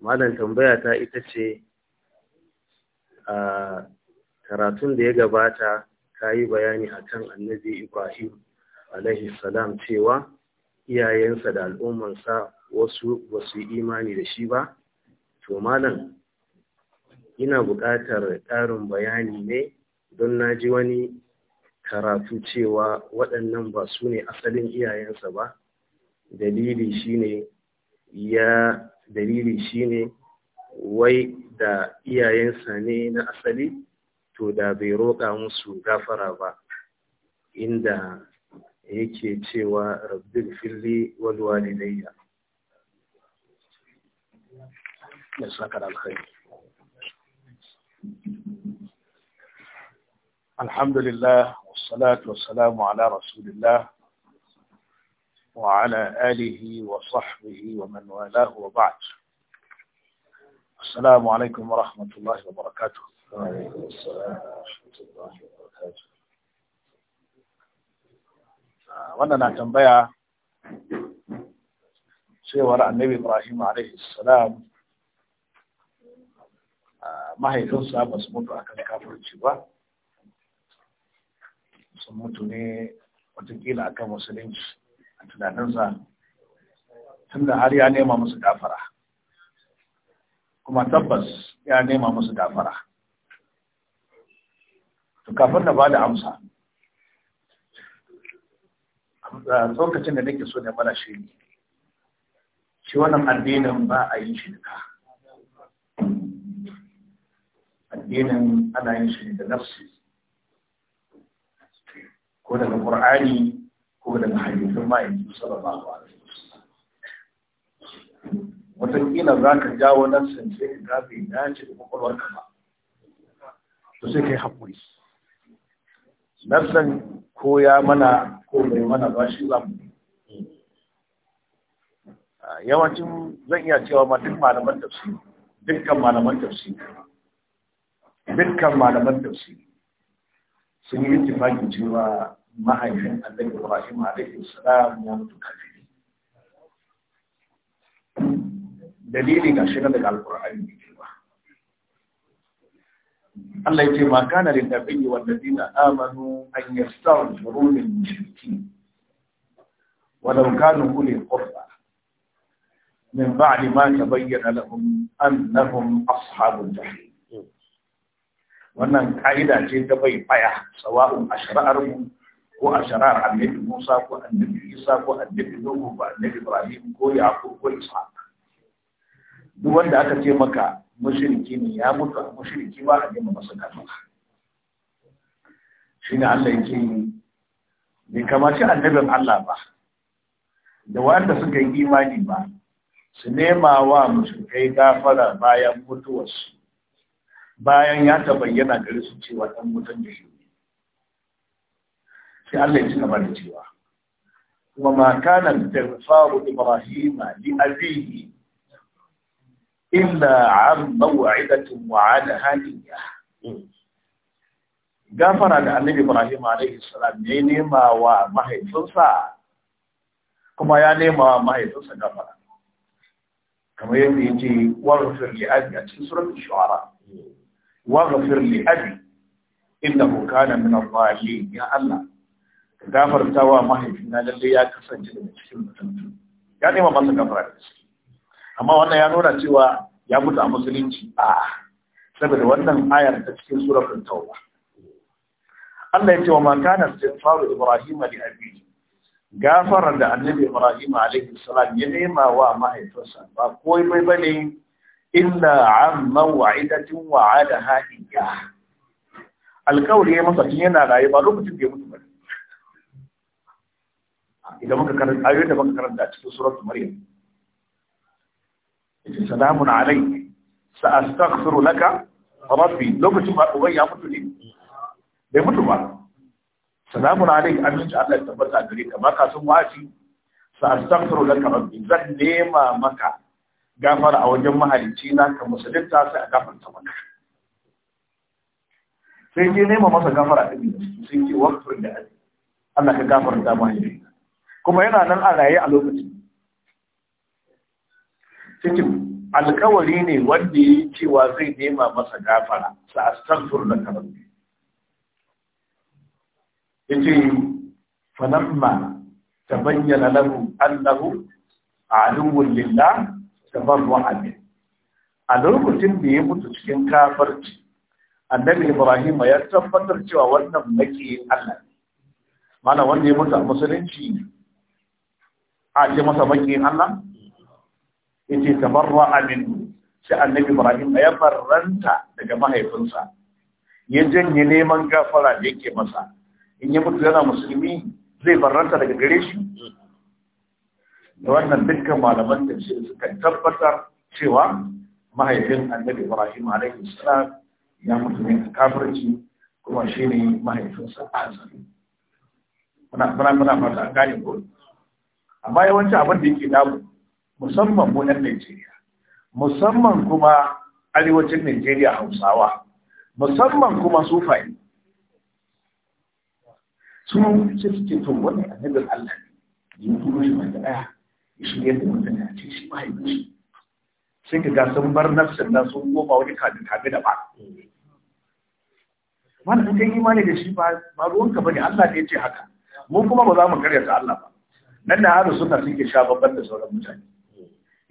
malam tambaya ta ita ce a karatun da ya gabata ka yi bayani a kan annabi ibrahim alaihi salam cewa iyayensa da al'ummansa wasu su yi imani da shi ba to malam ina buƙatar ƙarin bayani ne don na ji wani karatu cewa waɗannan ba su ne asalin iyayensa ba dalili shine ya dalili shine wai da iyayensa ne na asali to da bai roƙa musu gafara ba inda yake cewa rabbil filli ne da ya alhamdulillah alkhairi salatu wasu salamu ala rasulillah وعلى آله وصحبه ومن والاه وبعد السلام عليكم ورحمة الله وبركاته وعليكم السلام ورحمة الله وبركاته وانا نعتنبع سيوراء النبي إبراهيم عليه السلام ما هي خلصة بس موتو أكل كافر الجواء سموتني ني وتقيل أكل مسلمش a tunaninsa tun da har ya nema musu gafara kuma tabbas ya nema musu gafara to kafin na bada amsa tsokacin da nake so ne mana shi ne shi wannan addinin ba a yin shi addinin ana yin shi da nafsi ko daga ƙur'ani ko daga hadisin ma'aiki sallallahu alaihi wasallam wataƙila za ka jawo nassin sai ka ga bai dace da kwakwalwarka ba to sai ka haƙuri nassin ko ya mana ko bai mana ba shi za mu yawancin zan iya cewa ma duk malaman tafsiri dukkan malaman tafsiri dukkan malaman tafsiri sun yi ittifaqin cewa mahaifin annabi Ibrahim alaihi salam ya mutu kafiri dalili ga shi daga alqur'ani ne ba Allah ya ce ma kana lin nabiyyi wal ladina amanu an yastaghfiru lil mushrikeen walau kanu uli qurba من بعد ما تبين لهم أنهم أصحاب الجحيم wannan ka'ida ce ta bai baya sawa'un a shari'armu ko a sharar annabi Musa ko annabi Isa ko annabi Nuhu ba annabi Ibrahim ko Yaqub ko Ishaq duk wanda aka ce maka mushriki ne ya mutu a mushriki ba a ma masa kafa shi ne Allah yake yi bai kamaci annabin Allah ba da wanda suka yi imani ba su nema wa mushrikai gafara bayan mutuwarsu bayan ya tabayyana gare su cewa ɗan mutum da shi sai Allah ya ci gaba da cewa wa ma kana istighfaru ibrahima li abihi illa an maw'idatin wa'adaha iyyah gafara da annabi ibrahim alaihi salam ne nema wa mahaifinsa kuma ya nema wa mahaifinsa gafara kamar yadda ya ce waghfir li abi a cikin surat shu'ara waghfir li abi innahu kana min adh-dhalin ya allah gafarta wa mahaifina lalle ya kasance daga cikin mutum ya nema masa gafara da shi amma wannan ya nuna cewa ya mutu a musulunci a saboda wannan ayar ta cikin suratul tauba Allah ya ce wa makana kana istighfaru ibrahima li abihi gafarar da annabi ibrahim alaihi salam ya nema wa mahaifinsa ba koi bai bane illa an maw'idatin wa'adaha iyyah alkawli ya masa yana rayuwa ba lokacin da ya mutu ba. idan muka karanta ayoyin da muka karanta a cikin suratul maryam yace salamun alayk sa astaghfiru laka rabbi lokacin ba ubai ya mutu ne bai mutu ba salamun alayk aminci Allah ya tabbata gare ka baka sun wasi sa astaghfiru laka rabbi zan nema maka gafara a wajen mahalicci na ka musulunta sai a gafarta maka sai ke nema masa gafara ɗin da sai ke wakfar da Allah ka gafarta mahaifi kuma yana nan a raye a lokacin cikin alkawari ne wanda ya cewa zai nema masa gafara sa astaghfir da ta bayyana falamma tabayyana lahu annahu lilla ta barwa min a lokacin da ya mutu cikin kafarci, annabi ibrahim ya tabbatar cewa wannan maki Allah mana wanda ya mutu a musulunci a ce masa makiyin Allah yace tabarra min sai annabi Ibrahim ya barranta daga mahaifinsa ya janye neman gafara da yake masa in ya mutu yana musulmi zai barranta daga gare shi da wannan dukkan malaman da ce suka tabbatar cewa mahaifin annabi Ibrahim alaihi salam ya mutu ne kafirci kuma shine mahaifinsa azali muna muna muna fata gane ko amma yawanci abin da yake damu musamman mu Najeriya musamman kuma arewacin Najeriya Hausawa musamman kuma sufaye su ce suke wani a nabin Allah ne ya turo shi mai daya ya shi yadda mutum ya ce shi mahaifinsu sai ka ga sun bar nafsin nan sun goma wani kafin kafin da ba wannan kai imani da shi ba ruwanka ne Allah ne ya ce haka mun kuma ba za mu karyata Allah ba nan da haru suna suke sha babban da sauran mutane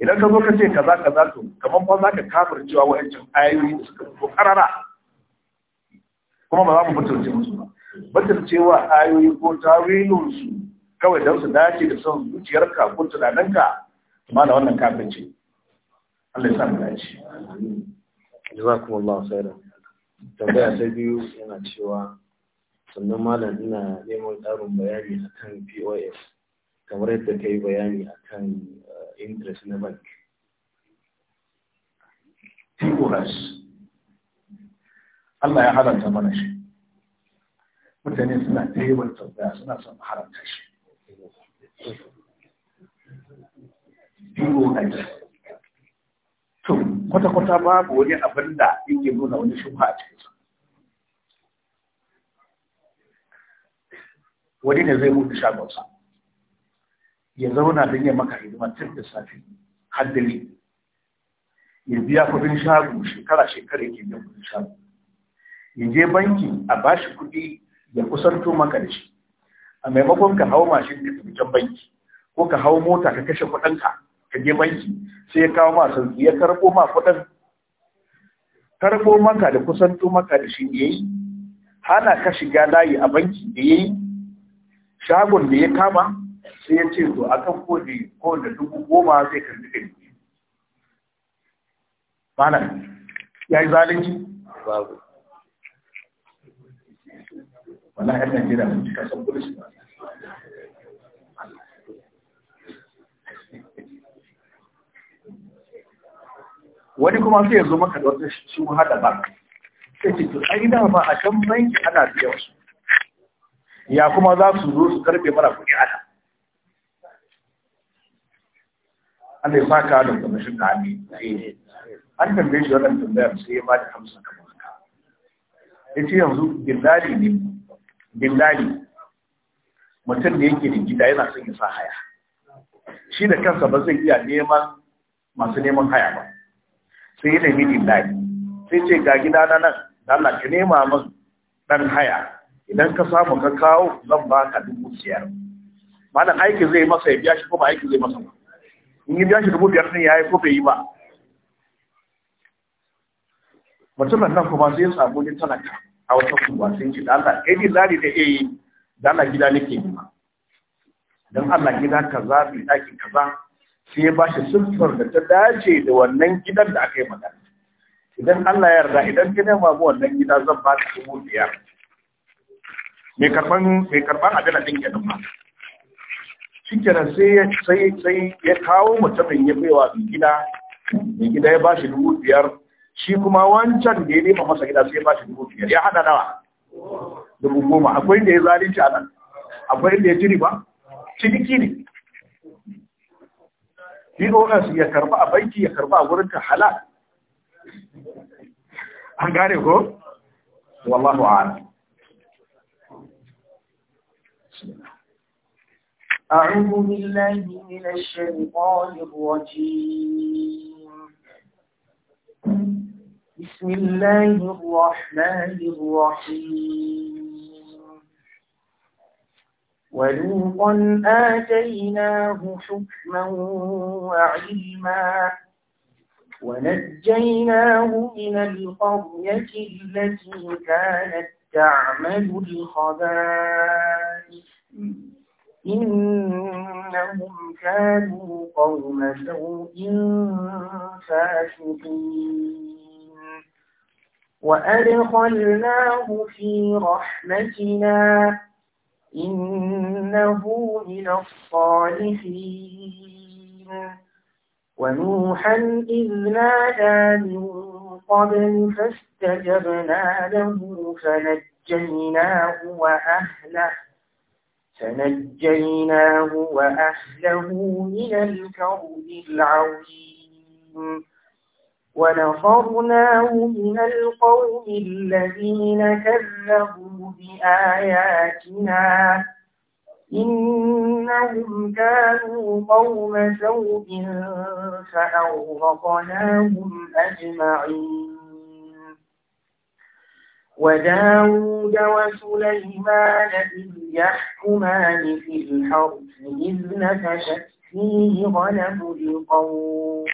idan ka zo ka ce kaza kaza to kamar fa zaka kafir cewa wa'ancan ayoyi da suka fito karara kuma ba za mu mutunce musu ba cewa ayoyi ko tawilun su kawai don su dace da son zuciyarka ko tunaninka amma da wannan kafirci Allah ya sa mu dace jazakumullahu khairan tambaya ta biyu yana cewa sannan malam ina neman ƙarin bayani akan POS kamar yadda ka yi bayani a kan eh, interest na bank pos Allah ya halarta mana shi mutane suna ta yi suna son haramta shi pos to kwata-kwata babu wani abin da yake nuna wani shubha a cikinsa wani ne zai mutu shagonsa ya zauna don ya maka hidima tun da safe, haddali ya biya kudin shago shekara shekara ke biya kudin shago ya je banki a bashi kudi ya kusanto maka da shi a maimakon ka hau mashin ka banki ko ka hau mota ka kashe kudinka ka je banki sai ya kawo ma sauki ya karbo ma kudin karbo maka da kusanto maka da shi yayi hana ka shiga layi a banki da yayi shagon da ya kama sai ya ce to akan ko da ko da dubu goma zai karbi ɗari biyu malam ya yi zalunci babu wala yan najeriya mun cika san kulis ba wani kuma sai ya zo maka da wata shi hada ba sai ce to ai dama a can banki ana biyar. su ya kuma za su zo su karbe mara kudi ana Allah ya saka da kwamishin da ami an tambaye shi wannan tambayar sai ya bada amsa kamar haka ya ce yanzu dillali ne dillali mutum da yake da gida yana son ya sa haya shi da kansa ba zai iya neman masu neman haya ba sai ya nemi dillali sai ce ga gida na nan da Allah ka nema min dan haya idan ka samu ka kawo zan baka dubu biyar malam aiki zai masa ya biya shi kuma aiki zai masa ba in yi biya shi dubu biyar ɗin ya yi ko bai yi ba mutumin nan kuma sai ya samu ni talaka a wata kuma sai ce da Allah kai zari da eh da Allah gida nake ma. dan Allah gida kaza bi daki kaza sai ya bashi sulfar da ta dace da wannan gidan da aka yi magana idan Allah ya yarda idan kina ma bu wannan gida zan ba ka dubu biyar mai karban mai karban abin din ɗin kenan ma shikenan sai sai sai ya kawo mutumin ya baiwa mai gida mai gida ya bashi dubu biyar shi kuma wancan da ya nema masa gida sai ya bashi dubu biyar ya hada nawa dubu goma akwai inda ya zalunci a nan akwai inda ya jiri riba ciniki ne POS ya karba a banki ya karba a wurin ka halal an gane ko wallahu a'lam أعوذ بالله من الشيطان الرجيم بسم الله الرحمن الرحيم ولوطا آتيناه حكما وعلما ونجيناه من القرية التي كانت تعمل الخبائث إنهم كانوا قوم سوء فاسقين وأدخلناه في رحمتنا إنه من الصالحين ونوحا إذ نادى من قبل فاستجبنا له فنجيناه وأهله فنجيناه وأهله من الكرب العظيم ونصرناه من القوم الذين كذبوا بآياتنا إنهم كانوا قوم سوء فأغرقناهم أجمعين وداود وسليمان إذ يحكمان في الحرب إذ نفشت فيه غنم القوم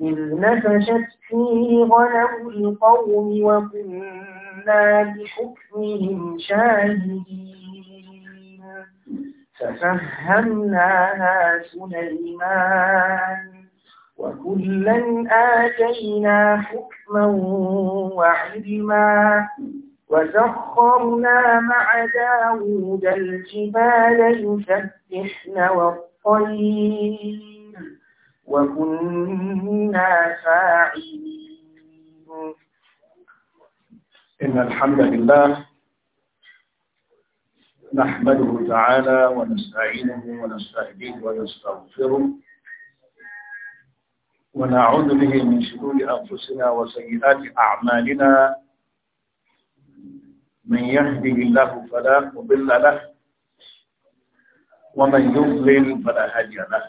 إذ نفشت فيه غنم القوم وكنا بحكمهم شاهدين ففهمناها سليمان وكلا آتينا حكما وعلما وسخرنا مع داود الجبال يسبحن والطير وكنا فاعلين إن الحمد لله نحمده تعالى ونستعينه ونستهديه ونستغفره ونعوذ به من شرور أنفسنا وسيئات أعمالنا من يهده الله فلا مضل له ومن يضلل فلا هادي له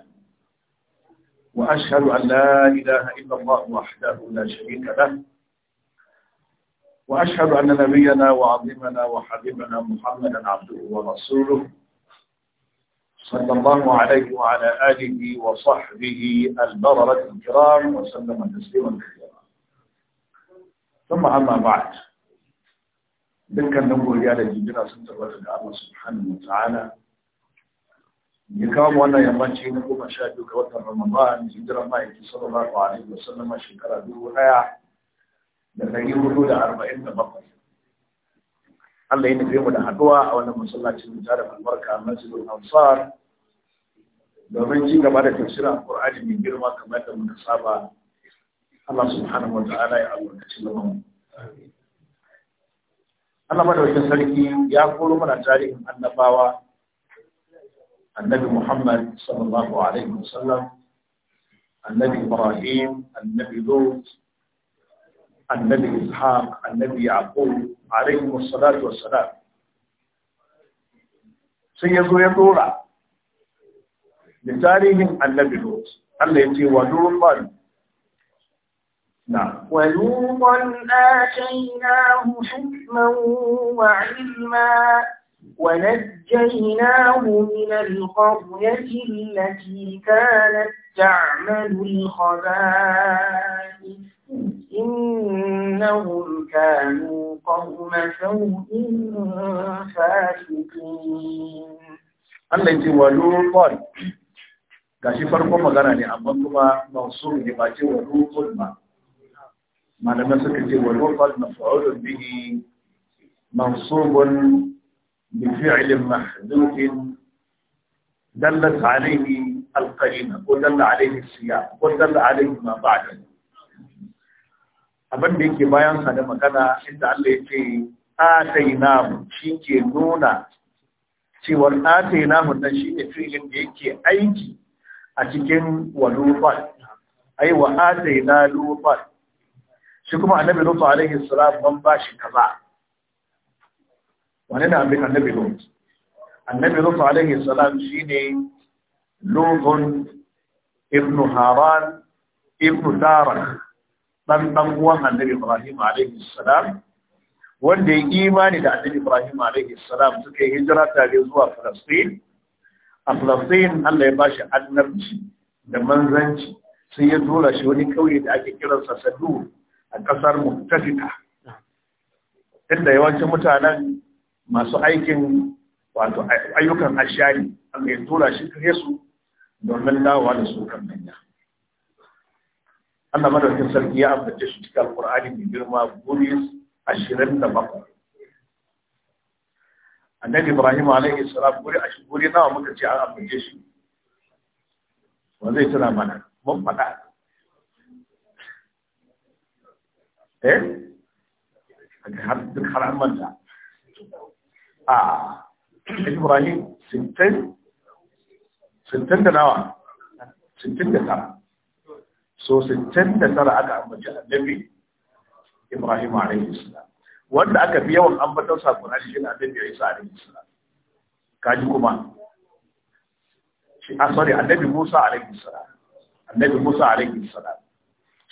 وأشهد أن لا إله إلا الله وحده لا شريك له وأشهد أن نبينا وعظيمنا وحبيبنا محمدا عبده ورسوله صلى الله عليه وعلى آله وصحبه البررة الكرام وسلم تسليما كثيرا ثم أما بعد بك النبو ريالة جبنا سنة الرجل الله سبحانه وتعالى يكام وانا يمانشي نبو مشاهدو كوتا رمضان جدر ما صلى الله عليه وسلم شكرا دو هيا يقولوا لها أربعين بقرة. Allah ya nufe mu da haduwa a wannan masallacin mu tare albarka masjidul ansar domin ci gaba da tafsirin Qur'ani mai girma kamar da muka saba Allah subhanahu wa ta'ala ya albarkaci gaban mu Allah madaukakin sarki ya koro mana tarihin annabawa annabi Muhammad sallallahu alaihi wasallam annabi Ibrahim annabi Lut annabi Ishaq annabi Yaqub alaihi wassalatu wassalam sai ya zo ya dora da tarihin annabi lot Allah ya ce wa na wa lutan atainahu wa ilma ونجيناه من القرية التي كانت تعمل الخبائث إنهم كانوا قوم سوء فاسقين Allah ce wa ga shi farkon magana ne amma kuma masu ne ba ce wa ba malamai suka ce wa lurkon na fa'ulun bihi بفعل محدود دلت عليه القرينه ودل عليه السياق ودل عليه ما بعده abin da yake bayan sa da magana inda Allah ya ce atainahu shike nuna cewa cewar atainahu nan shine filin da yake aiki a cikin walufat ai wa ataina lufa shi kuma annabi lufa alaihi salatu wasallam ban bashi kaza Wani ne abin annabi lut annabi lut alaihi salam shine lutun ibn haran ibn tarak dan dan uwan annabi ibrahim alaihi salam wanda ya imani da annabi ibrahim alaihi salam suka yi hijira tare zuwa falastin a falastin Allah ya bashi annabci da manzanci sai ya tura shi wani kauye da ake kiransa sadu a kasar muktafita inda yawancin mutanen masu aikin wato ayyukan ashari Allah ya tura shi kare su domin dawowa da su kan manya Allah madaukin sarki ya ambace shi cikin alkur'ani mai girma guri ashirin da bakwai annabi ibrahim alaihi salam guri ashirin guri nawa muka ce an ambace shi wa zai tuna mana mun faɗa eh har duk har an manta a ibrahim sintin da nawa sintin da tara so sintin da tara aka ambaci annabi ibrahim rai salam wanda aka fi yawan ambatar sakon shi na ya isa alaihi salam kaji kuma shi a ah, sorry annabi musa alaihi salam annabi musa rai salam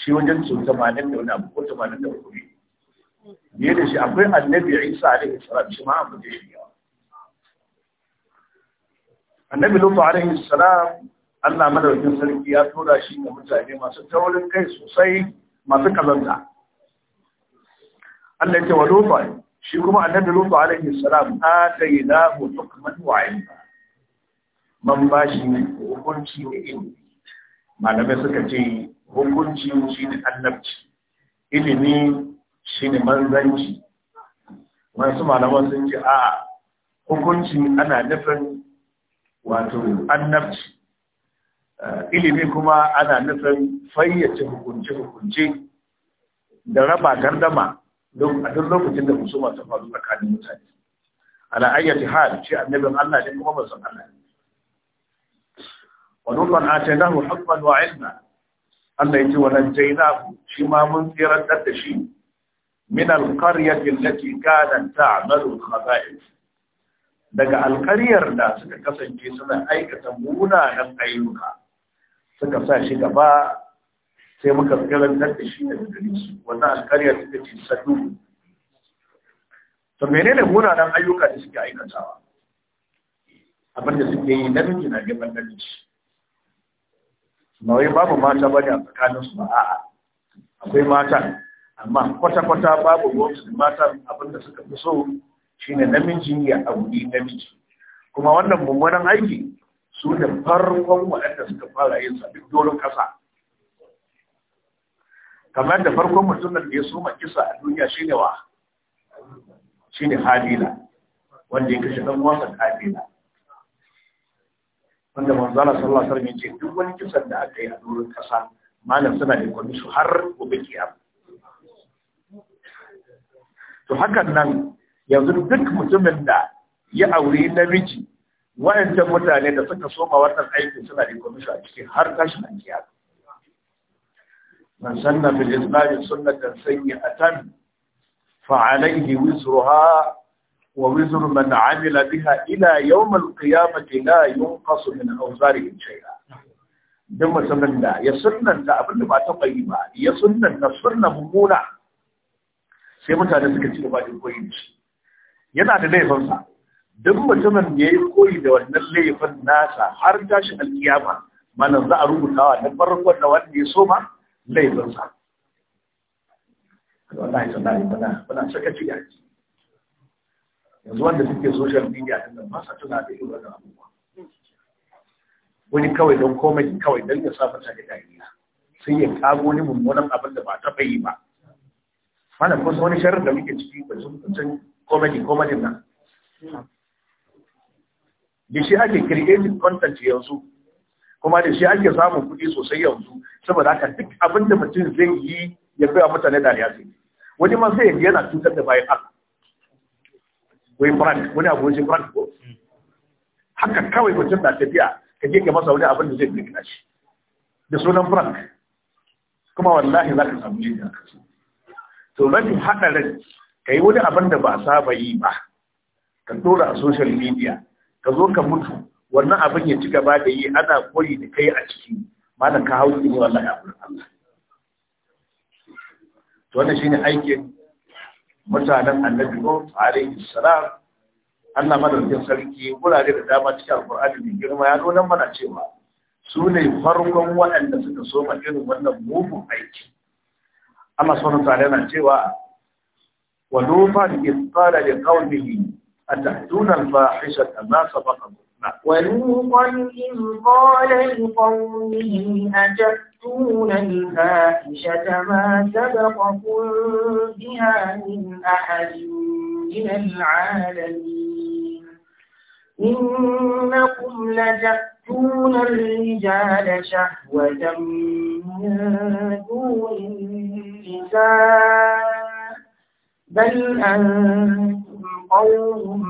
shi wajen su 80 da wani abu ko 80 da wani biye da shi akwai annabi Isa alaihi salam shi ma abu da shi annabi Lutu alaihi salam Allah madaukin sarki ya tura shi ga mutane masu taurin kai sosai masu kazanta Allah ya ce wa Lutu shi kuma annabi Lutu alaihi salam atainahu kamar wa ba. man bashi hukunci da ilimi malamai suka ce hukunci shi ne annabci ilimi ne manzanci wasu malaman sun ce a hukunci ana nufin wato annabci eh, ilimi kuma ana nufin fayyace hukunci-hukunci. da raba gardama a duk lokacin da musu masu faru tsakanin mutane ala ayyati hal shi annabin Allah ne kuma masu Allah ne wa nuqan atainahu hukman wa ilma Allah yace wa najaynahu shi ma mun tsirar da shi min alqaryati allati kanat ta'malu al-khaba'ith daga alƙaryar da suka kasance suna aikata munanan ayyuka suka sa shi gaba sai muka karantar da shi da gare su wannan alƙaryar suka ce sadu to menene munanan ayyuka da suke aikatawa abin da suke yi namiji na neman namiji ba wai babu mata ba ne a tsakanin su a'a akwai mata amma kwata-kwata babu ruwansu da abin da suka fi so shine namiji ya auri namiji kuma wannan mummunan aiki su ne farkon waɗanda suka fara yin sabbin doron ƙasa kamar da farkon mutumin da ya soma kisa a duniya shine wa shine halila wanda ya kashe ɗan wasa halila wanda manzala sallasar alaihi ce duk wani kisan da aka yi a doron ƙasa malam suna da kwanisu har gobe kiyama to hakan nan yanzu duk mutumin da ya aure namiji wa'ancan mutane da suka soma wannan aikin suna da a cikin har tashin an kiya man sanna fil islam sunnatan sayyi'atan fa alayhi wizruha wa wizr man amila biha ila yawm al qiyamati la yunqas min awzarihi shay'a Duk mutumin da ya sunnanta da ba ta bayi ba ya sunnanta sunna mummuna sai mutane suka ci gaba da koyi shi yana da laifinsa duk mutumin da ya yi koyi da wannan laifin nasa har tashi alkiyama malam za a rubutawa na farko da wanda ya soma laifinsa wallahi sallahi muna muna sakaci a ciki yanzu wanda suke social media din nan ba sa tuna da irin wannan abubuwa wani kawai don komai kawai don ya sa mata da dariya sai ya kago ni mummunan abin da ba taɓa yi ba malam ko wani sharrin da muke ciki ba sun kuncin comedy comedy na da shi ake creative content yanzu kuma da shi ake samun kuɗi sosai yanzu saboda haka duk abin da mutum zai yi ya kai wa mutane dariya riyasi wani ma sai yanzu yana cutar da bayan Allah wai brand wani abu wajen brand ko haka kawai mutum na tafiya ka je ka masa wani abin da zai da shi da sunan brand kuma wallahi za ka samu jini a kansu to rabi haɗarin ka yi wani abin da ba saba yi ba ka dora a social media ka zo ka mutu wannan abin ya ci gaba da yi ana koyi da kai a ciki malam ka hau ne wallahi abin Allah to wannan shine aikin mutanen annabi ko alaihi salam Allah madaukakin sarki wurare da dama cikin alqur'ani mai girma ya nuna mana cewa su ne farkon waɗanda suka soma irin wannan mugun aiki Allah subhanahu wataala yana cewa wa lufa iqala liqawlihi atahduna alfahisha ma sabaqa wa lufa iqala liqawlihi إنكم لتأتون الرجال شهوة من دون النساء بل أنتم قوم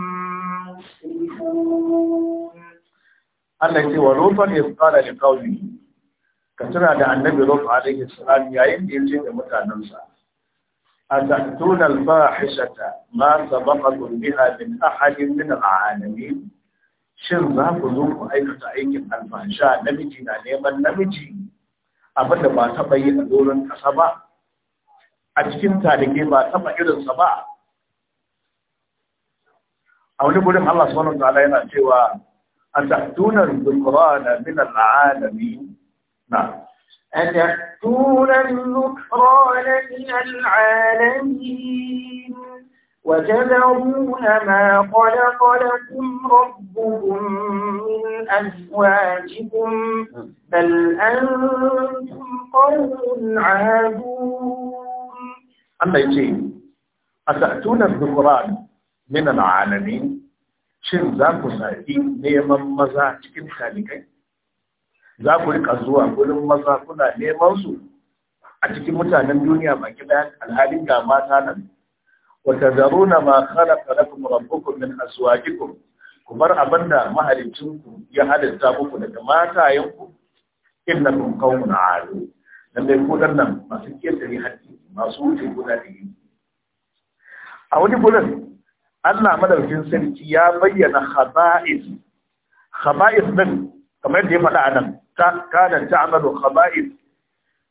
مسرفون التي ولوطا إذ قال لقومه كتنا da annabi Lut alaihi salam yayin da yace متى ننسى. أتأتون الفاحشة ما سبقكم بها من أحد من العالمين shin za ku zo ku aikata aikin alfasha namiji na neman namiji abin da ba taɓa yi a doron ƙasa ba a cikin tarihi ba taɓa irinsa ba a wani gudun Allah subhanahu wa ta'ala yana cewa أتأتون الذكران na. العالمين نعم أتأتون الذكران من العالمين وتذرون ما خلق لكم ربكم من أزواجكم بل أنتم قوم عادون أما يجي أتأتون الذكران من العالمين shin za ku saki neman maza cikin talikai za ku rika zuwa gurin maza kuna neman su a cikin mutanen duniya baki da alhalin ga mata nan وتذرون ما خلق لكم ربكم من أزواجكم ku bar abin da mahalicinku ya halitta muku daga matayenku innakum qaumun aadu dan dai ku dan nan masu kiyarta ne haddi masu wuce guda da yi a wani gurin Allah madaukin sarki ya bayyana khaba'is khaba'is din kamar da ya faɗa nan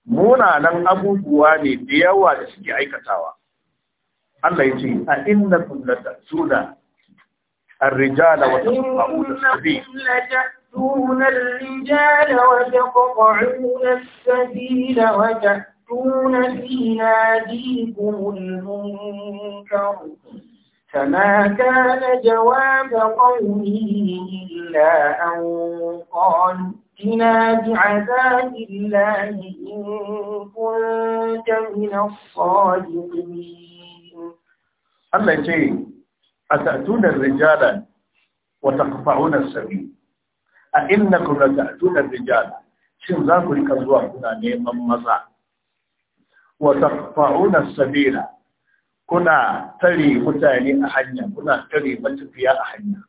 munanan abubuwa ne da yawa da suke aikatawa Allah ya ce a الرجال وتقطعون السبيل تأتون الرجال وتقطعون السبيل وتأتون في ناديكم المنكر فما كان جواب قومه إلا أن قالوا ائتنا بعذاب الله إن كنت من الصادقين Allah ce a ta'atunan rijala wa taqfa'una sabi a innakum la ta'atunan rijala shin za ku rika zuwa kuna neman maza wa taqfa'una sabila kuna tare mutane a hanya kuna tare matafiya a hanya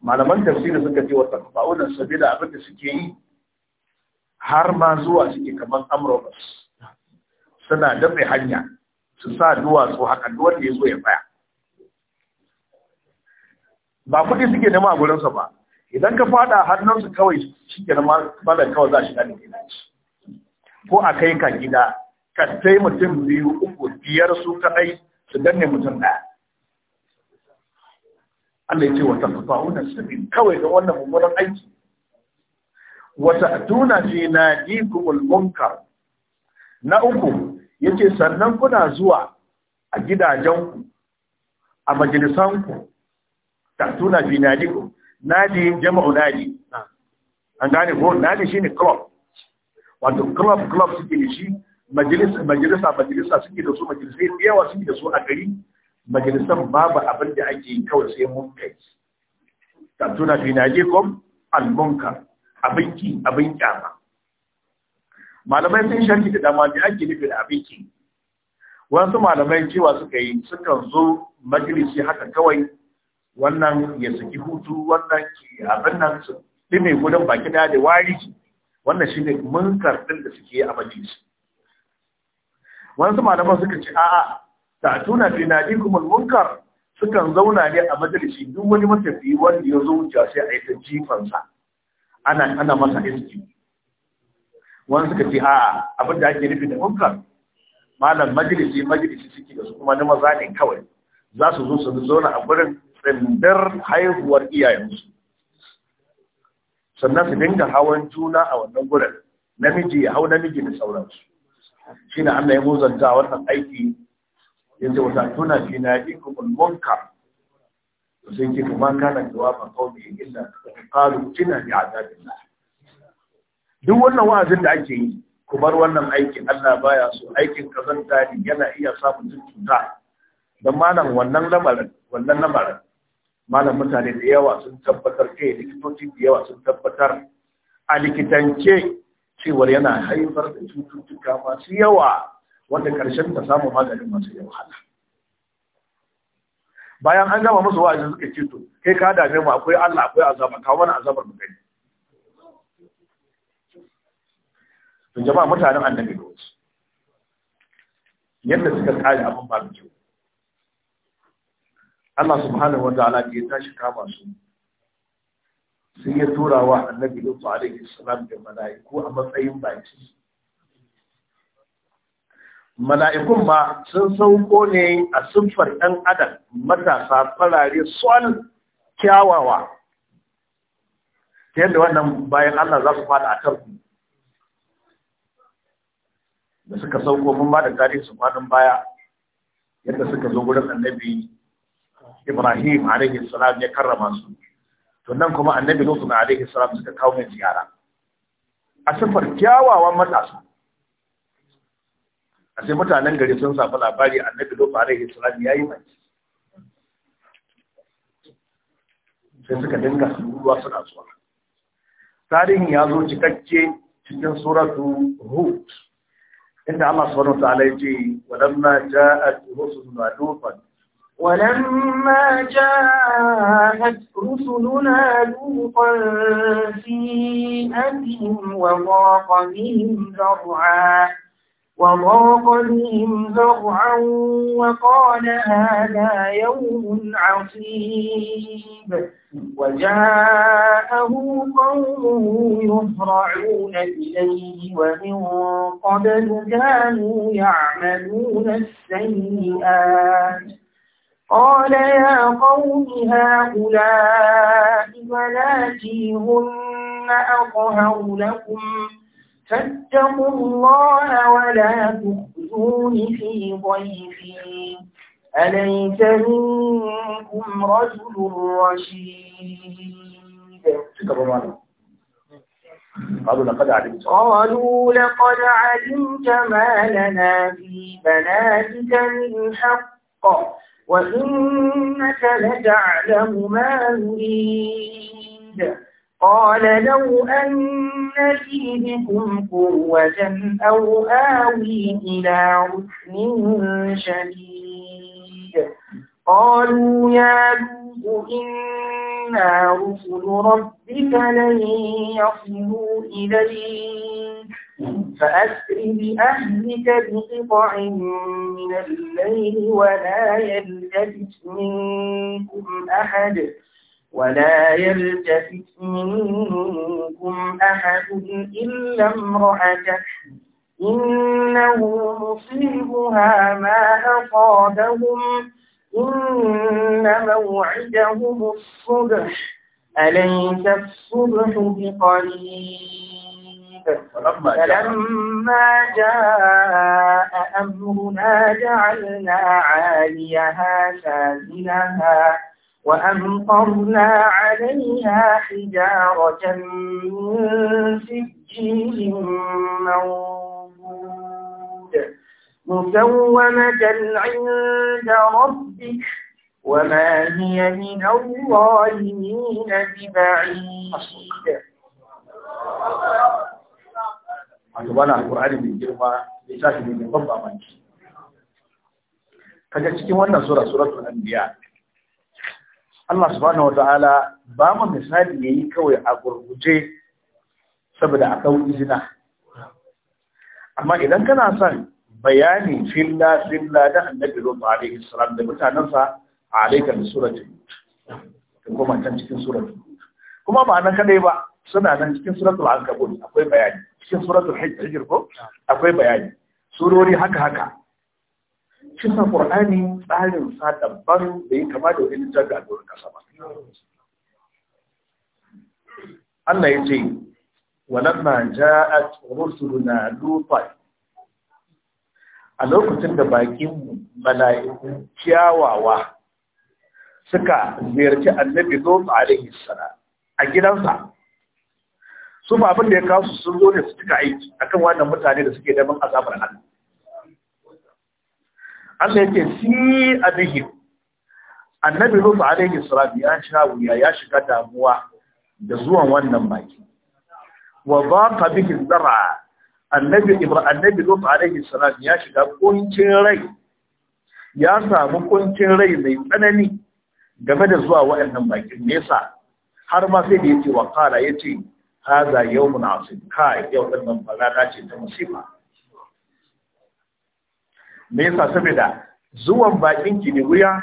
malaman tafsiri suka ce wa taqfa'una sabila abin da suke yi har ma zuwa suke kamar amrobas suna dafe hanya su sa duwatsu haka wanda ya zo ya baya ba kuɗi suke nema a gurinsa ba idan ka fada hannunsu kawai shi ke malar kawai za shi ɗan ne ko a kai ka gida ka sai mutum biyu uku biyar su kaɗai su danne mutum ɗaya Allah ya ce wata fa'una sirri kawai da wannan mummunan aiki wata tuna ce na dikumul munkar na uku yace sannan kuna zuwa a gidajenku a majalisanku tattuna fi ko nadi jama'u nadi an gane ko nadi shine club wato club club suke ne shi majalisa majalisa suke da su majalisai da yawa suke da su a gari majalisan babu abin da ake yi kawai sai mun kai tattuna fi nadikum al-munkar abinki abin kyama malamai sun sharhi da dama da ake nufi da abinki wasu malamai cewa suka yi sukan zo majalisi haka kawai wannan ya saki hutu wannan ke abin nan su dime gudan baki da da wari wannan shine munkar din da suke a majalisi wasu malaman suka ce a'a ta tuna fi nadikumul munkar sukan zauna ne a majalisi duk wani matafi wanda ya zo wuce sai a yi ta sa, ana ana masa iski wani suka ce a'a abin da ake nufi da munkar malam majalisi majalisi suke da su kuma na maza ne kawai za su zo su zauna a gurin tsindar haihuwar iyayensu sannan su dinga hawan juna a wannan gudan namiji ya hau namiji da sauransu shi na Allah ya muzanta wannan aiki yanzu wata tuna fi na ikon ulmonka sai ke kuma kana jawaban kawai illa qalu ina bi na. duk wannan wa'azin da ake yi kuma wannan aikin Allah baya so aikin kazanta ne yana iya samun mutum cuta don malam wannan lamarin wannan lamarin malam mutane da yawa sun tabbatar kai eh, likitoci da yawa sun tabbatar a likitance cewar yana haifar da cututtuka masu yawa wanda karshen ta samu maganin masu yawa wahala bayan an gama musu wa'azi suka ce to kai ka dame mu akwai Allah akwai azaba kawo mana azabar mu gani to jama'a mutanen annabi wasu. yadda suka kare abin ba kyau Allah subhanahu wa ta'ala ya tashi kama su sai ya tura wa annabi Lutu alaihi salam da mala'iku a matsayin baki mala'ikun ma sun sauko ne a siffar ɗan adam matasa farare son kyawawa ta yadda wannan bayan Allah za su fada a tarku da suka sauko mun ba da tarihi su baya yadda suka zo wurin annabi Ibrahim alaihi salam ya karrama su to nan kuma annabi nuhu alaihi salam suka kawo mai ziyara a sifar kyawawan matasa a sai mutanen gari sun samu labari annabi nuhu alaihi salam yayi mai sai suka dinga ruwa suna zuwa tarihin ya zo cikakke cikin suratu Hud inda Allah subhanahu wa ta'ala ya ce walamma ja'at rusuluna lutan ولما جاءت رسلنا لوطا سيئ بهم وضاق بهم ذرعا وضاق بهم ذرعا وقال هذا يوم عصيب وجاءه قومه يهرعون إليه ومن قبل كانوا يعملون السيئات قال يا قوم هؤلاء بناتي هن أطهر لكم فاتقوا الله ولا تخزون في ضيفي أليس منكم رجل رشيد قالوا لقد علمت قالوا لقد علمت ما لنا في بناتك من حق وإنك لتعلم ما نريد قال لو أن لي بكم قوة أو آوي إلى ركن شديد قالوا يا لوط إنا رسل ربك لن يصلوا إليك فأسر بأهلك بقطع من الليل ولا يلتفت منكم أحد ولا يلتفت منكم أحد إلا امرأتك إنه مصيبها ما أصابهم إن موعدهم الصبح أليس الصبح بقريب فلما جاء أمرنا جعلنا عاليها سازلها وأمطرنا عليها حجارة من سجيل منضود مسومة عند ربك وما هي من الظالمين ببعيد wato alƙur'ani mai girma ya sa shi mai ban kaga cikin wannan sura suratul anbiya Allah subhanahu wataala ba mu misali yayi kawai a gurguje saboda a dau izina amma idan kana son bayani filla filla da annabi Lut alaihi salam da mutanansa alaika bi surati ta koma can cikin surati kuma ba nan kadai ba suna nan cikin suratul ankabut akwai bayani cikin suratul hijr ko akwai bayani surori haka haka shi sa qur'ani tsarin sa dabban da yake kama da wani jaga da doron kasa ba Allah ya ce walamma ja'at rusuluna lutan a lokacin da bakin mala'iku kyawawa suka ziyarci annabi Lot alaihi salam a gidansa su ba abin da ya kawo su sun zo ne su cika aiki akan wannan mutane da suke neman azabar Allah Allah yake si abihi annabi Nuhu alaihi salatu ya shiga wuya ya shiga damuwa da zuwan wannan baki wa baqa bihi zar'a annabi Ibrahim annabi Nuhu alaihi ya shiga kuncin rai ya samu kuncin rai mai tsanani game da zuwa wa'annan bakin nesa har ma sai da yace wa qala yace haza yau muna kai yau din nan ta ce ta musifa. me yasa saboda zuwan bakin ki ne wuya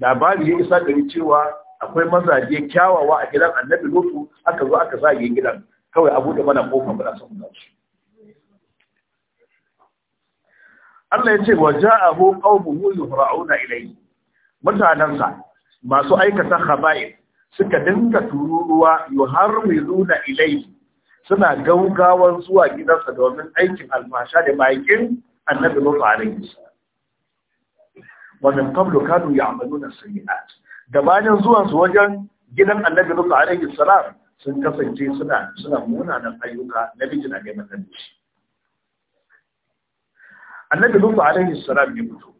labari ya isa gari cewa akwai mazaje kyawawa a gidan annabi lutu aka zo aka zage gidan kawai abu da mana kofa ba san mu Allah ya ce wa ja'ahu qaumuhu yuhra'una ilayhi mutanansa masu aikata khaba'ir suka dinga tururuwa yuharwizuna ilaihi suna gaugawan zuwa gidansa domin aikin almasha da bakin annabi Musa alaihi wa min Kano kanu ya'maluna sayyi'at da bayan zuwan su wajen gidan annabi Musa alaihi salam sun kasance suna suna munanan ayyuka na bijina ga matan shi annabi Musa alaihi salam ya fito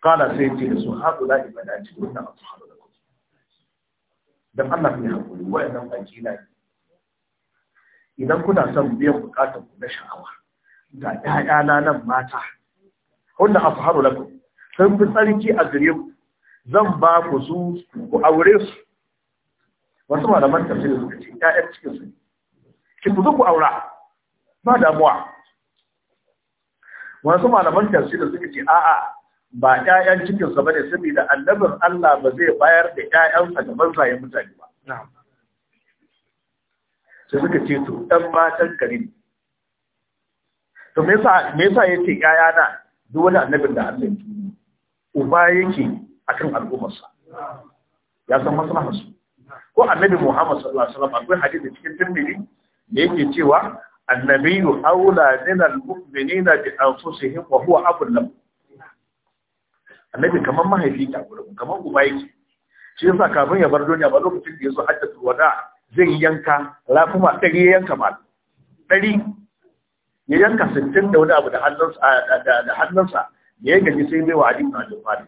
qala sayyidi su haƙula ibadati wa ta'ala don Allah ne hakuri, haƙuri wa'annan baki na idan kuna son biyan buƙatar ku na sha'awa ga na nan mata wanda a faru lakum sun fi tsarki a gare ku zan ba ku su ku aure su wasu malaman tafsir suka ce ‘ya'yan cikin su ki ku zo ku aura ba damuwa wasu malaman tafsir suka ce a'a ba 'ya'yan cikinsa ba ne saboda annabin Allah ba zai bayar da 'ya'yansa da banzaye mutane ba. Sai suka ce to ɗan matan karim. To me sa ya ce na duk wani annabin da Allah ya uba yake kan al'ummarsa. Ya san maslahar Ko annabi Muhammad sallallahu alaihi wasallam akwai cikin Tirmidhi da yake cewa annabiyyu aula min al-mu'minina bi anfusihim wa huwa abul lahum annabi kamar mahaifi ta gurin kamar uba yake shi yasa kafin ya bar duniya ba lokacin da yazo haddatul wada zai yanka lafuma ɗari ya yanka mal ɗari ya yanka sittin da wani abu da hannunsa da ya gaji sai bai wa Ali ibn Abi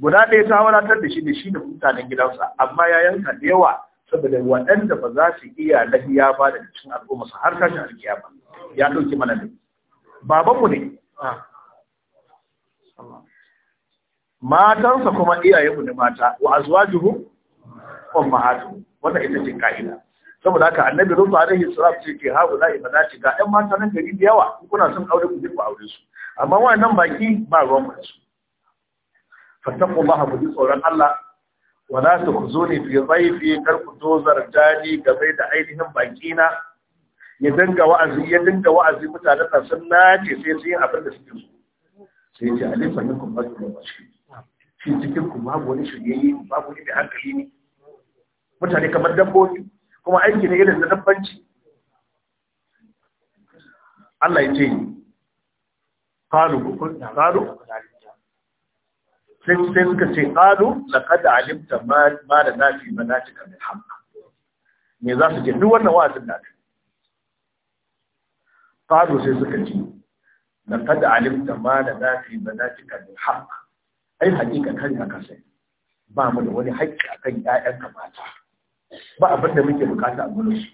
guda ɗaya ta wadatar da shi da shi da mutanen gidansa amma ya yanka da yawa saboda waɗanda ba za su iya lahiya ba da cikin al'ummarsa har tashi alkiyama ya ɗauki mana ne babanmu ne ah. matansa kuma iyayenmu ne mata wa azwajuhum ummahatuhum wannan ita ce kaida saboda haka annabi rufu alaihi salam ce ke hawo da ibada ce ga ɗan mata nan gari da yawa kuna son aure ku ku aure su amma wannan baki ba ruwan mu su fattaqullaha ku ji tsoron Allah wa la tukhzuni fi dhayfi kar ku dozar jani game da ainihin baki na ya dinga wa'azi ya dinga wa'azi mutanen sun nace sai sai abin da suke so sai ce alifa minkum ba shi shi cikin ku babu wani shiryayye babu wani da hankali ne mutane kamar dabbobi kuma aiki ne irin da dabbanci Allah ya ce ni qalu qalu sai sai suka ce qalu laqad alimta ma ma da nafi banatika bil haqq me za su ce duk wannan wa'azin da ka qalu sai suka ce laqad alimta ma da nafi banatika bil haqq ai hakika kan ka sai ba mu da wani haƙƙi akan ƴaƴan ka mata ba abin da muke bukata a gurin su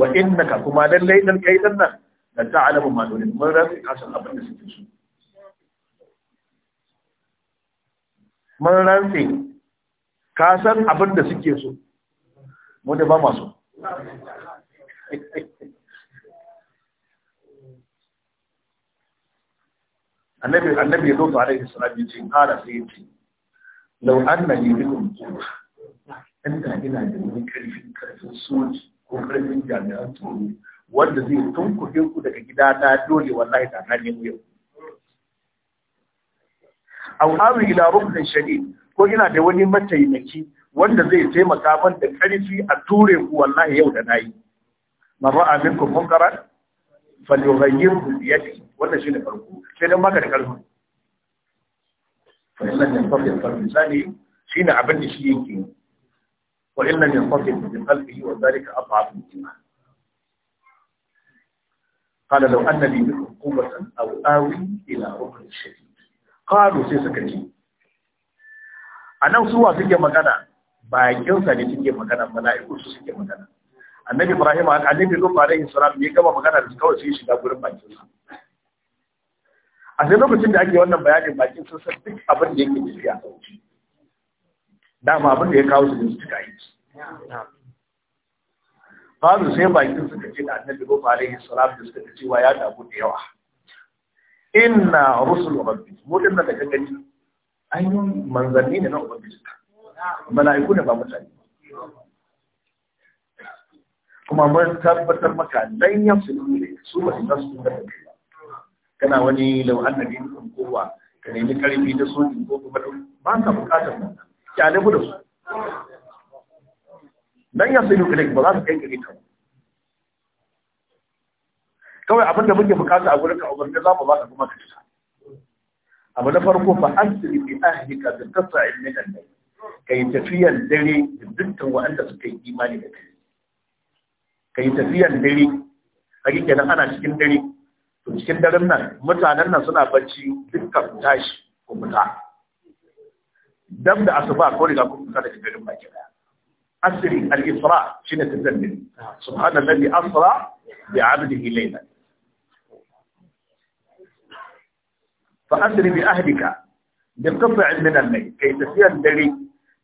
wa innaka kuma lallai dan kai dan nan da ta'alamu ma dole mun rantsi ka san abin da suke so mun rantsi ka san abin da suke so mu da ba masu annabi annabi ya zo alaihi salatu ya ce sai ya ce lau annani bikum inda ina da wani karfin karfin soji ko karfin jami'an tsoro wanda zai tunkuɗe ku daga gida na dole wallahi da nan yau yau aw awi ila ruknin shadid ko ina da wani mataimaki wanda zai taimaka min da karfi a ture ku wallahi yau da nayi man ra'a minkum munkaran falyughayyirhu bi yadihi wannan shine farko sai dan maka da karfi fa illa min fadl farko sani shine abin da shi yake wa illa min fadl bi da wa zalika adhaf al-iman قال لو ila لي قوة أو آوي إلى ركن شديد قالوا su wa suke magana مكانا sa ne suke magana mala'iku su suke magana annabi ibrahim annabi lut alaihi salam ne gaba magana da kawai sai shiga gurin sa a sai lokacin da ake wannan bayanin bakin sun san duk abin da yake tafiya dama abin da ya kawo su su suka yi Faru sai bakin suka ce da annabi ko yin salam da suka ce wa ya damu da yawa inna rusul rabbi mu na daga kaga gani ayyun manzanni ne na ubangiji mala'iku ne ba mutane kuma mun tabbatar maka dan yamsu ne su ba su tasu da kai kana wani lau annabi kun kowa ka nemi karfi da su ko kuma ba ka bukatar wannan Ya ku da su dan ya sai nuka ba za su kai gari ta kawai abinda muke bukata a gurin ka da za mu ba ka kuma ka tsaya abu na farko fa asiri bi ka bi qasa'in min al-layl kai tafiyan dare da dukkan waɗanda suka yi imani da kai kai tafiyan dare hakika nan ana cikin dare to cikin daren nan mutanen nan suna bacci dukkan tashi ku fita dab da asuba ko riga kun fita daga garin baki daya asiri al-isra shine tazallil subhanallazi asra bi 'abdihi layla fa asri bi ahlika bi qit'in min al-layl kay tafiyar dare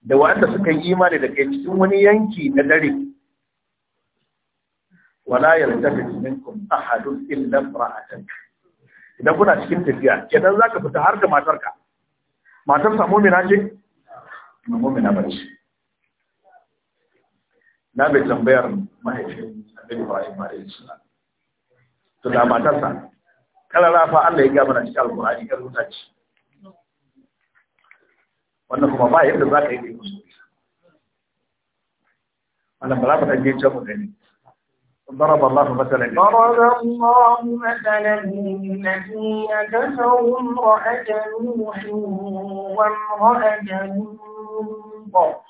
da wanda suka yi imani da kai cikin wani yanki na dare wala yaltafit minkum ahadun illa imra'atak idan kuna cikin tafiya idan zaka fita har da matarka matar sa mu'mina ce mu'mina bace na bai tambayar mahaifin Annabi Ibrahim alaihi salam to da matarsa kala fa Allah ya ga mana cikin alqur'ani kan mutaci wannan kuma ba yadda zaka yi da musu wannan ba za ka je can mu gani ضرب الله مثلا ضرب الله مثلا الذين كفروا امرأة نوح وامرأة لوط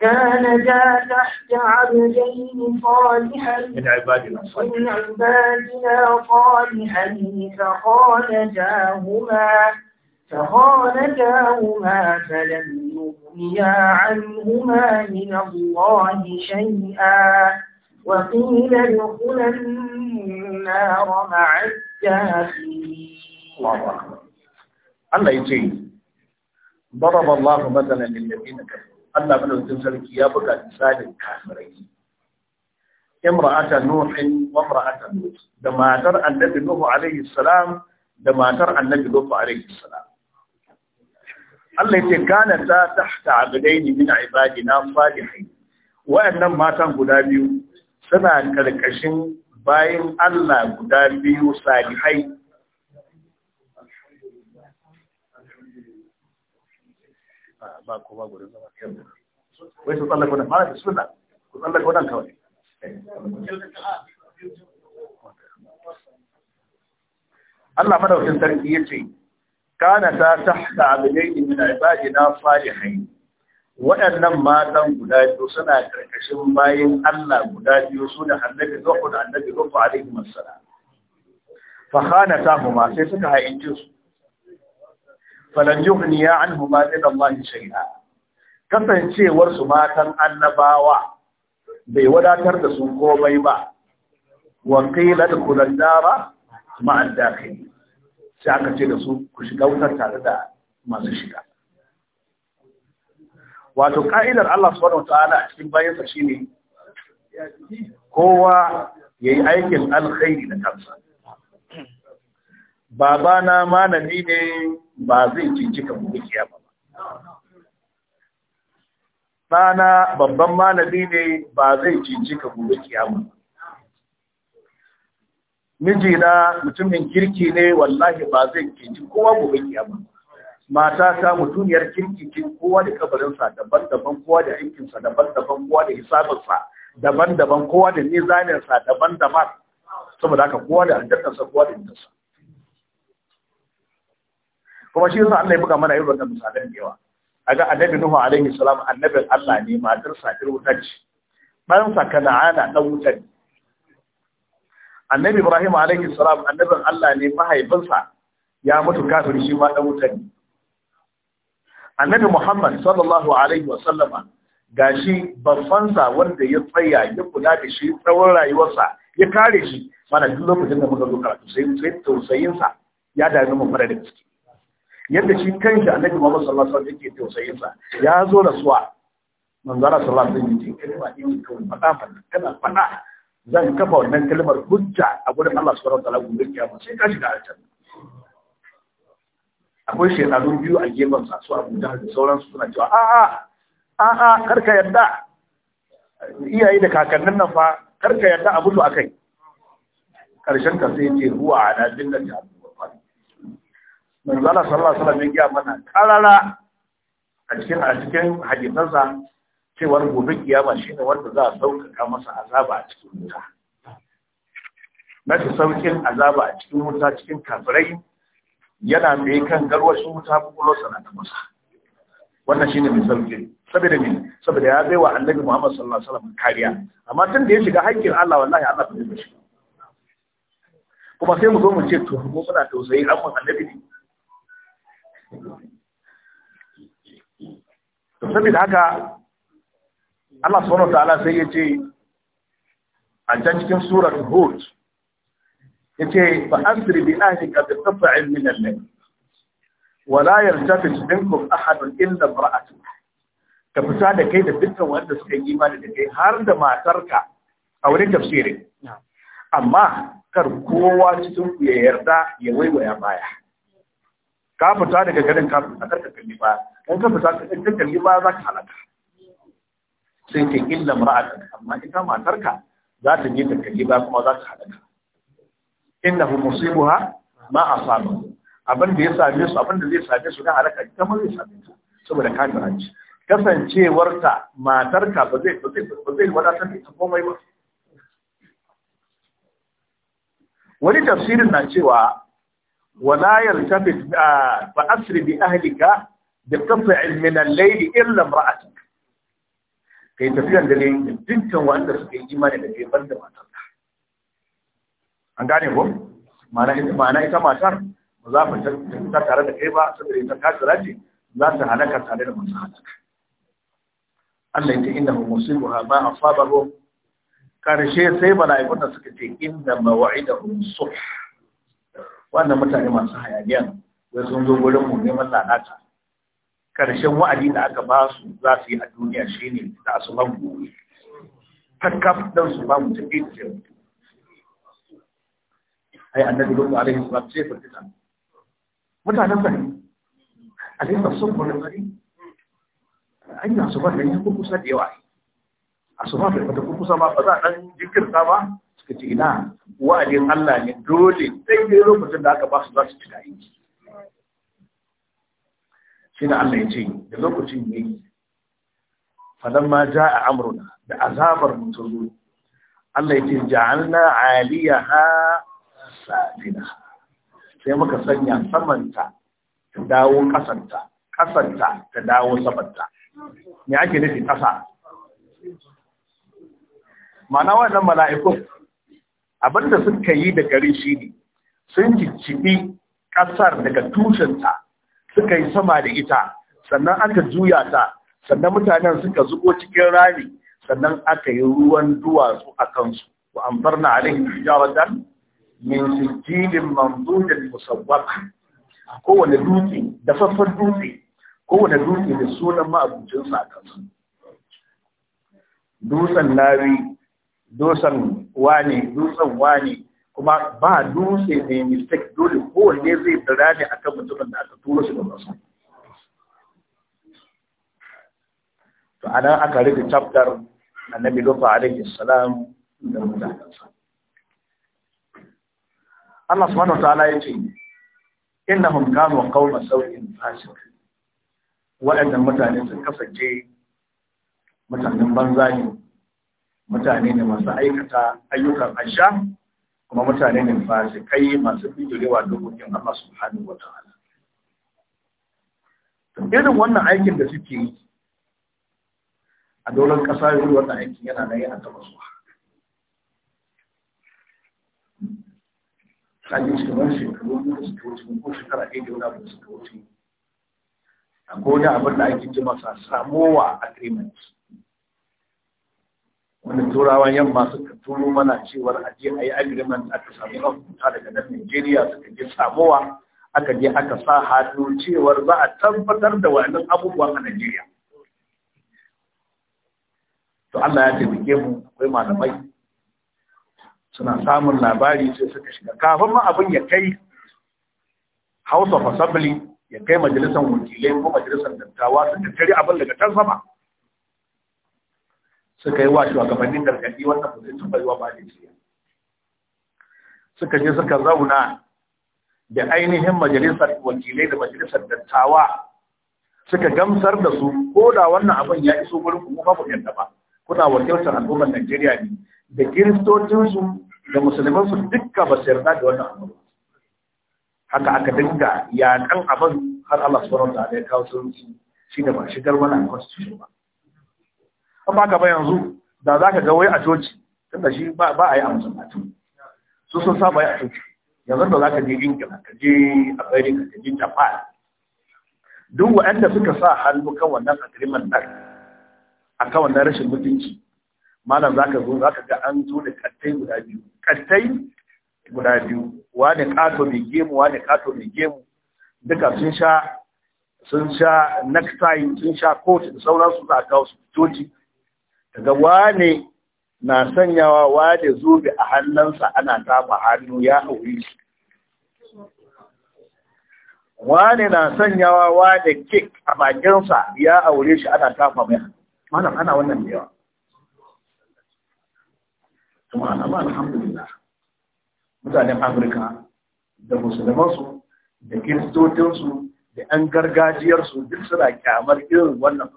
كانتا تحت عبدين صالحين من عبادنا من عبادنا صالحين فخانتاهما فخانتاهما فلم يغنيا عنهما من الله شيئا وقيل ادخل النار مع الداخلين الله أكبر الله ضرب الله مثلا للذين كفروا الله من الزمزل كي يبقى لسان الكافرين امرأة نوح وامرأة نوح لما ترى النبي نوح عليه السلام لما ترى النبي نوح عليه السلام التي كانت تحت عبدين من عبادنا صالحين وأنما ما تنقل suna karkashin bayan Allah guda biyu salihai ah, ba ko ba gurin zama yau wai su tsallaka wannan mara da suna ku tsallaka wannan kawai Allah madaukin sarki ya ce, kana ta tahta abdaini min ibadina salihai waɗannan matan guda biyu suna ƙarƙashin bayan Allah guda biyu su da annabi Nuhu da annabi a alaihi wassalam fa khanata huma sai suka ji su falan yughniya anhuma min Allah shay'a kasancewar su matan annabawa bai wadatar da su komai ba wa qila dukhulan dara ma'a dakhil sai aka ce da su ku shiga wutar tare da masu shiga wato ka'idar Allah subhanahu wataala a cikin bayansa ne, kowa ya yi aikin alkhairi da kansa babana malami ne ba zai cincika mukiya ba ɗana babban malami ne ba zai cinci ka ba. kiyama mijina mutumin kirki ne wallahi ba zai cinci kowa gobe ba. mata ta mutumiyar kinkikin kowa da kabarinsa daban-daban kowa da aikinsa daban-daban kowa da hisabinsa daban-daban kowa da nizaninsa daban-daban saboda haka kowa da aljantarsa kowa da intarsa kuma shi yasa Allah ya buga mana irin wannan misalan da yawa aga annabi nuhu alaihi salam annabin Allah ne matar sa irin wutar ci dan sa kana'ana dan wutar annabi ibrahim alaihi salam annabin Allah ne mahaifinsa ya mutu kafiri shi ma dan wutar ne annabi Muhammad sallallahu alaihi wa sallama gashi babbansa wanda ya tsaya ya kula da shi tsawon rayuwarsa ya kare shi mana duk lokacin da muka zo karatu sai tausayinsa, ya dami mu fara da ciki yadda shi kanshi annabi Muhammad sallallahu alaihi wasallam yake tausayinsa, ya zo da rasuwa manzara sallallahu alaihi wasallam yake kalma din kawai faɗa-faɗa, kana faɗa. zan kafa wannan kalmar hujja a gurin Allah subhanahu wa ta'ala gobe kiyama sai ka shiga aljanna akwai shekaru biyu a gefen sa su abuja da sauransu suna cewa a'a a'a karka yadda iyaye da kakannin nan fa karka yadda a mutu akai karshen ka sai ce huwa a dajin da ta manzala sallallahu alaihi wasallam ya gaya mana karara a cikin a cikin hadisansa cewar gobe kiyama shine wanda za a sauƙaƙa masa azaba a cikin wuta na shi sauƙin azaba a cikin wuta cikin kafirai yana mai kan garwar su ta bukulo sana ta masa wannan shine mai sauke saboda ne saboda ya bai wa annabi Muhammad sallallahu alaihi wasallam kariya amma tun da ya shiga hakkin Allah wallahi Allah bai shi. kuma sai mu zo mu ce to mu muna tausayi an mun annabi ne to saboda haka Allah subhanahu wa ta'ala sai ya ce a can cikin surar Hud ce ba asiri bi ka bi qat'in min al-layl wa la yaltafit minkum ahad illa imra'atuk ka fita da kai da dukkan wanda suka yi imani da kai har da matarka a wurin tafsirin amma kar kowa cikin ku ya yarda ya waiwaya baya ka fita daga garin ka fita karka kalli ba kan ka fita in ka kalli ba za ka halaka sai ka illa mar'atan amma ita matarka za ta je ta kalli ba kuma za ka halaka hu musibuha ma asaba abin da ya same su abin da zai same su na halaka ita ma zai same su saboda kafiranci kasancewarta matarka ba zai ba zai wadatar da ta komai ba wani tafsirin na cewa wala yaltafit fa asri bi ahlika bi qat'in min al-layl illa imra'atuk kai tafiyan da ne dukkan wanda suka yi imani da kai banda matar an gane ko ma'ana ita matar ba za ta ta tare da kai ba saboda ita kafira ce za ta halaka tare da masu halaka Allah ya inda mu musibu ha ba karshe sai mala'ikun da suka ce inda mawa'idahu subh wannan mutane masu hayaniya wai sun zo gurin mu neman lalata karshen wa'adi da aka ba su za su yi a duniya shine da asuban gobe takkaf dan su ba mu tafi ai annabi lutu alaihi salatu ce fa tikan mutanen bari ba sun kuma bari an yi suba da ya kusa da yawa asuba da ta kusa ma ba za a dan jinkirta ba suka ce ina wa'adin Allah ne dole dai lokacin da aka ba su za su cika aiki shi da Allah ya ce da lokacin yayi falamma ja'a amruna da azabar mutum Allah ya ce ja'alna 'aliyaha fina sai muka sanya samanta ta dawo kasanta kasanta ta dawo samanta me ake nufi kasa mana wannan mala'ikun abinda suka yi da gari shi ne sun jijjibi kasar daga tushenta suka yi sama da ita sannan aka juya ta sannan mutanen suka zuko cikin rami sannan aka yi ruwan duwatsu a kansu wa amfarna alaihi jawadan min sijilin mamdudin ko kowane dutse da dutse, dutse kowane dutse da sunan ma'abucinsa a kansa dusan lawi dusan wani, dusan wani, kuma ba dutse mai mistake dole ko kowanne zai dira ne akan mutumin da aka tura shi da masu to anan aka rufe chapter annabi lufa alaihi salam da mutanensa Allah subhanahu wataala yace innahum kanu qauma sau'in fasiq waɗannan mutane sun kasance mutanen banza ne mutane ne masu aikata ayyukan asha kuma mutane ne kai masu bijirewa dokokin Allah subhanahu wataala irin wannan aikin da suke yi a doron ƙasa yi wannan aikin yana da yana taɓa zuwa kaji shugaban shekaru biyu da suka wuce ko shekara ɗaya da wani abu suka wuce akwai wani abin da ake ce masa samowa agreement wani turawan yamma suka turo mana cewar a je a yi agreement aka samu rafuta daga nan Najeriya suka je samowa aka je aka sa hannu cewar za a tabbatar da wannan abubuwan a Najeriya. To Allah ya taimake mu akwai malamai suna samun labari sai suka shiga kafin ma abin ya kai house of assembly ya kai majalisar wakilai ko majalisar dattawa su tattari abin daga can sama suka yi wa shugabannin gargaɗi wannan ba zai taɓa ba da malaysia suka je suka zauna da ainihin majalisar wakilai da majalisar dattawa suka gamsar da su ko da wannan abin ya iso gurin kuma ba ku yadda ba kuna wakiltar al'ummar Najeriya ne da kiristocinsu da musulmansu dukka ba su yarda da wannan abu haka aka dinga ya kan abin har Allah subhanahu wa ta'ala ya kawo sauki shi da ba shigar wannan constitution ba an ba gaba yanzu da za ka ga wai a coci tunda shi ba a yi a musulmatu su sun saba yi a coci yanzu da za ka je ingila ka je america ka je japan duk waɗanda suka sa hannu kan wannan agreement ɗin a kan wannan rashin mutunci malam zaka zo zaka ga an zo da kattai guda biyu kattai guda biyu wani kato mai gemu wani kato mai gemu duka sun sha sun sha necktie sun sha coat da sauransu za a kawo su coci daga wane na sanyawa wane zobe a hannunsa ana tafa hannu ya aure shi wane na sanyawa wane kek a bakinsa ya aure shi ana tafa mai malam ana wannan da yawa kuma ana ba alhamdulillah mutanen afirka da musulmansu da kiristotinsu da yan gargajiyarsu duk suna kyamar irin wannan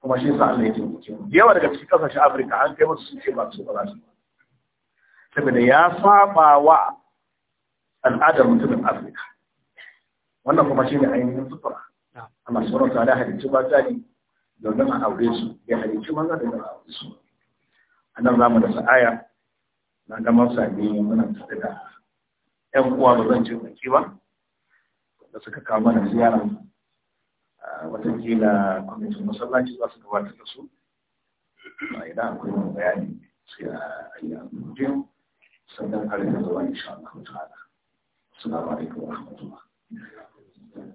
kuma shi sa Allah ya taimake mu yawa daga cikin kasashen afirka an kai musu suke ba su ba su saboda ya saba wa al'adar mutumin afirka wannan kuma shi ne ainihin sufura amma sauran ta a halicci ba tsari domin a aure su ya halicci maza da aure su anan zamu da sa'aya na ga masani muna tare da ‘yan uwa ba zan ce baki ba da suka kawo mana ziyara watakila kwamitin masallaci za su gabatar da su idan akwai wani bayani sai a yi a guje sannan a rika zuwa insha Allah ta'ala. Assalamu alaikum wa